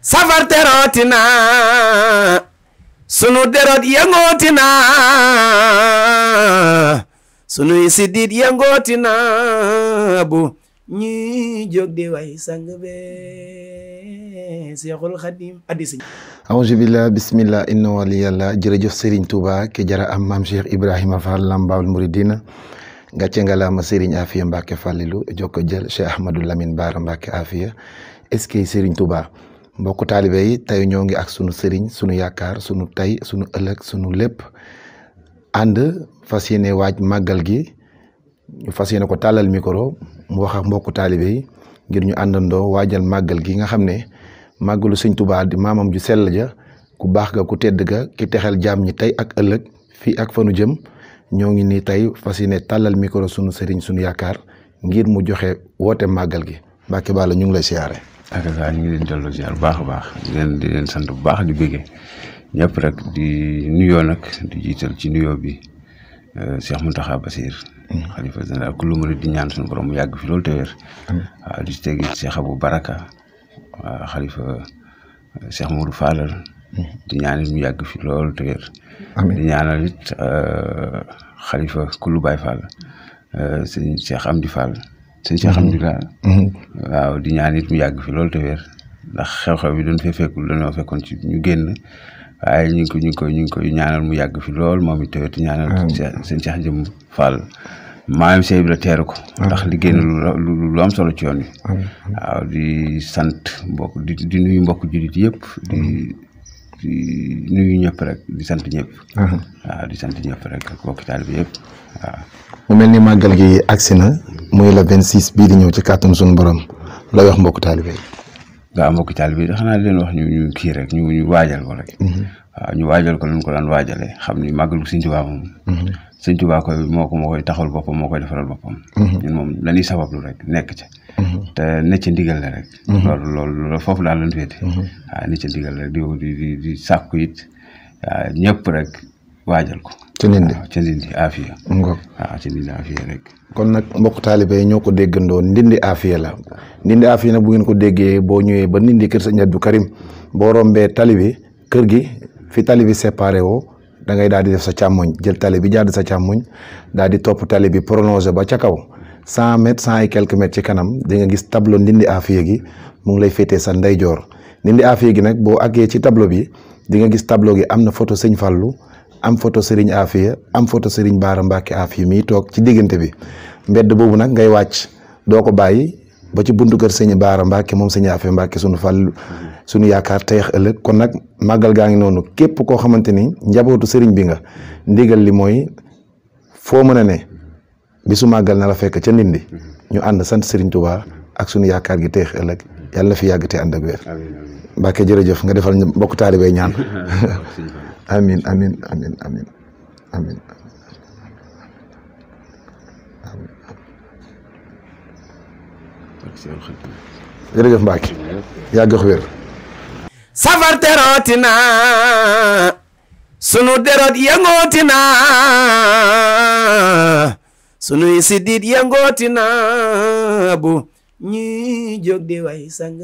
safar terooti sunu derot yëngooti naa sunuy siddiit yëngooti naa bu ñuy jóg di way sang be Seexul Xadim addis auzu billah bismillah inna waliyallah jërëjëf Serigne Touba ke jara am maam Cheikh Ibrahima Fall Lambaawul Muridina ngàcce ngalaama Serigne Afiya Mbacke Fallilu jokko jël Cheikh Ahmadou Lamine Baara Mbacke Afiya est-ce que mbokku taalibe yi tey ñoo ngi ak sunu sëriñ sunu yaakaar sunu tey sunu ëllëg sunu lépp ànd fas yéene waaj màggal gi ñu fas yéene ko tàllal mikoro mu wax mbokku taalibe ngir ñu àndandoo waajal màggal gi nga xam ne màggalu sëñ Tuubaa di maamam ju sell ja ku baax ga ku tedd ga ki texel jaam ñi tey ak ëllëg fii ak fanu jëm ñoo ngi nii tey fas yéene tàllal micro sunu sëriñ sunu yaakaar ngir mu joxe woote màggal gi Mbàkke Balla ñu ngi lay siyaare ak saa ñu ngi leen delloo ziar bu baax a baax di leen sant bu baax di bëggee ñëpp rek di nuyoo nag di jiital ci nuyo bi euh, Cheikh Mountakha Bassir. Mm. xalifa général ku di ñaan suñu borom mu yàgg fi loolu te wér. waaw di tegi Baraka xalifa euh, Cheikh Modou Fallal. Mm. di ñaanal mu yàgg fi loolu te wér. di ñaanal it euh, sëñ alhamdulilah. Mm-hmm. waaw di ñaan it mu yàgg fi loolu te ndax xew-xew bi duñ fee fekkul dañoo ci ñu génn waaye ñu ngi ko ñu ngi ñu ngi koy ñaanal mu yàgg fi lool moom it te wér ñaanal. sëñ Cheikh Jëm Fall. maam Sèye bi la teeru ko. ndax li génn lu lu am solo ci yoon wi. waaw di sant mbokk di di mbokk jullit yëpp. di mm-hmm. di ñëpp rek di sant ñëpp. Mm-hmm. waaw di sant ñëpp rek mbokk taalibe yëpp waaw. mu mel ni màggal gi agsi na mooy la vingt six bii di ñëw ci kàttan suñu borom lay wax mbokk taalibe yi waaw mbokk taalibe yi xanaa leen wax ñu ñu rek ñu ñu waajal ko rek mhm. ñu waajal ko luñ ko daan waajalee xam ni màggalu Sëñ Tuubaa moom mhm. Sëñ Tuubaa koy moo ko moo koy taxawal boppam moo koy defaral boppam mhm. ñun moom dañuy lu rek nekk ca te ne ca ndigal la rek loolu loolu loolu foofu daal lañ féete waaw ne ndigal la rek di di di sàkku it waaw ñëpp rek waajal ko. ci Ndindi waaw ci Ndindi Afia. ngoog waaw ci Ndindi Afia rek. kon nag mbokk taalibe yi ñoo ko déggandoo Ndindi Afia la Ndindi Afia nag bu ngeen ko déggee boo ñëwee ba Ndindi kër Sëñ Abdou Karim boo rombee tali bi kër gi fi tali bi séparé woo da ngay daal di def sa càmmoñ jël tali bi jàdd sa càmmoñ daal di topp tali bi prolongé ba ca kaw cent mètres cent et ci kanam di nga gis tableau Ndindi Afia gi mu ngi lay féetee sa ndeyjoor Ndindi Afia gi nag boo àggee ci tableau bi dinga gis tablo gi am na photo Sëñ fallu am photo Serigne Afia am photo Serigne Baara Mbacke Afia mii toog ci diggante bi mbedd boobu nag ngay wàcc doo ko bàyyi ba ci buntu kër Serigne Baara Mbacke moom Serigne Afia Mbacke sunu fàll sunu yaakaar teex ëllëg kon nag màggal gaa ngi noonu képp koo xamante ni njabootu Serigne bi nga ndigal li mooy foo mën a ne bisu màggal na la fekk ca ndindi ñu ànd sant Serigne Touba ak sunu yaakaar gi teex ëllëg. yàlla fi yàgg te ànd ak wér Mbàkke jërëjëf nga defal mbokk taalibay ñaan amin amin amin amin amin jërëjëf Mbàkke yàgg ak wér safar terooti na sunu deroot yëngooti na sunuy siddiit yëngooti na bu ñuy jóg di way sang